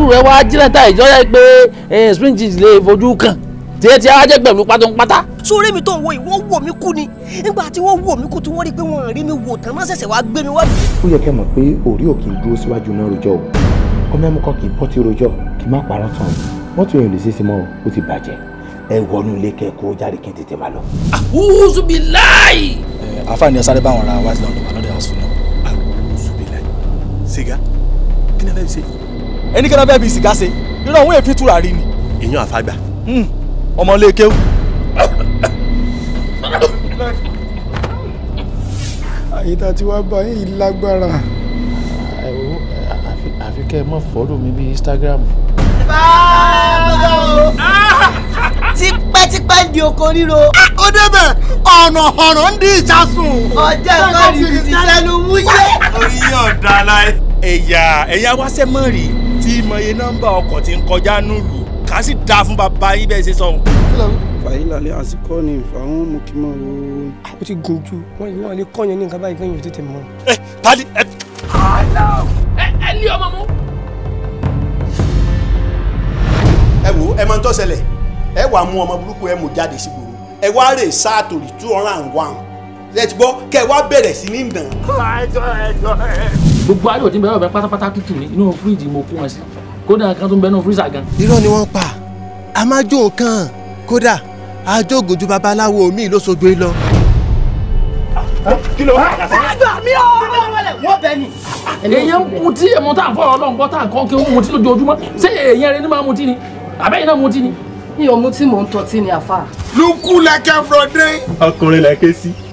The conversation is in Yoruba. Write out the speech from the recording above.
irú rẹ̀ wá jìnnàta ìjọ́yà pé spring jeans lè fojú kàn tiẹ̀ tiẹ̀ wá jẹ́ pẹ̀lú pátápátá. sórí mi tó ń wo ìwọ wò mí kú ni nígbà tí wọ́n wò mí kú tí wọ́n rí i pé wọ́n rí mi wò tán náà ṣẹ̀ṣẹ̀ wá gbé mi wá. ó yẹ kẹ́ mọ̀ pé òrí ò kì í dúró síwájú náà rojọ́ o ọmọ ẹ̀mú kan kì í bọ́ ti rojọ́ kì í má parọ́ tán o wọ́n tún yẹn lè ṣe é ṣe mọ́ o ti bàjẹ́ ẹ wọnú ilé kẹ kó jáde kí n tètè máa lọ. àwùjọ bíi láì. àfáàní ẹ sáré báwọn ra wá sí lọ́dọ̀ wà ẹni kí ló fẹ́ fi sìgá ṣe irú àwọn èéfín túra rí ni. ìyàn àfàgbà. Hmm. ọmọ ilé kéwù. àyíká tí wàá bá yín lágbára. àfi kẹ́ ẹ mọ̀ fọ́lù mi bí Instagram. tipẹ́tipẹ́ di oko ríro. ó débẹ̀ ọ̀nà ọ̀rọ̀ ń di ìjásùn. ọjọ́ ìkọ́ni ti sẹ́nu wúyẹ́. orí yóò dáa láì. ẹ̀yà ẹ̀yà wáṣẹ́ mọ́ rí i tí mọye nọ́mbà ọkọ̀ ti ń kọjá nílùú ká sì dáa fún bàbá yín bẹ́ẹ̀ ṣe sọ̀hún. fàyílà lè àsìkò ni fàwọn mú kí n máa wo. àwọn ah, ti gùn ju wọn yìí wọn lè kọ́ ní nǹkan báyìí kẹ́yìn ò tètè mọ. Eh, ẹ pali ẹ. ẹ ní ọmọ mú. ẹ wo ẹ máa ń tọ́ ẹ wàá mú ọmọ burúkú ẹ mú jáde sígboro ẹ wá rè sáà two hundred and one ẹ ti gbọ́ kẹ wá bẹ̀rẹ̀ sí ní ìdàn. ẹjọ ẹjọ ẹ gbogbo ayò tí ń bẹ lọ́bẹ̀ pátápátá tútù ní inú fíríjì mo kó wọn sí kódà kan tó ń bẹ nínú gan. irọ́ ni wọ́n pa a máa jó nǹkan kódà a jó ògùnjú babaláwo mi lóṣogbo lọ. kí ló wà á gbà mí o wọ́n bẹ ni. èèyàn ń mutí èèmọ tá à ń fọ̀rọ̀ ọlọ́run tá à ń kọ́ kí ó mutí lójoojúmọ́ ṣé èèyàn rẹ ní máa mutí ni àbẹ́yìn náà mutí ni. mi ò mutí mò ń tọ́tí ni àfa. lukú lẹkẹ fúrọdé. ọkùnrin lẹkẹ sí.